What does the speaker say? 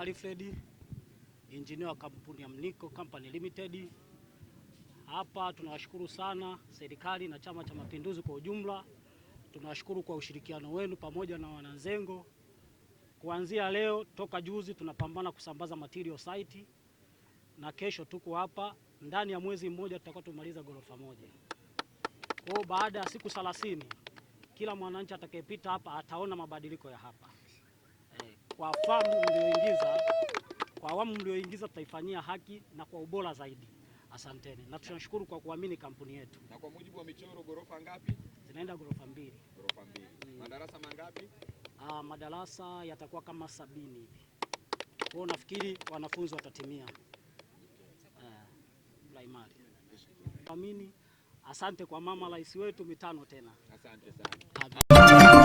Alfred, injinia wa kampuni ya Mnico Company Limited. Hapa tunawashukuru sana serikali na Chama cha Mapinduzi kwa ujumla. Tunawashukuru kwa ushirikiano wenu pamoja na wananzengo. Kuanzia leo, toka juzi tunapambana kusambaza material site, na kesho tuko hapa. Ndani ya mwezi mmoja tutakuwa tumaliza gorofa moja. Kwa baada ya siku 30 kila mwananchi atakayepita hapa ataona mabadiliko ya hapa eh, kwa famu mlioingiza awamu mlioingiza tutaifanyia haki na kwa ubora zaidi. Asanteni na tunashukuru kwa kuamini kampuni yetu. Na kwa mujibu wa michoro, ghorofa ngapi? Zinaenda ghorofa mbili. Ghorofa mbili. Mm. Madarasa mangapi? Ah, madarasa yatakuwa kama sabini hivi. Kwa nafikiri wanafunzi watatimia eh, primary. Amini. Asante kwa mama rais wetu, mitano tena. Asante sana.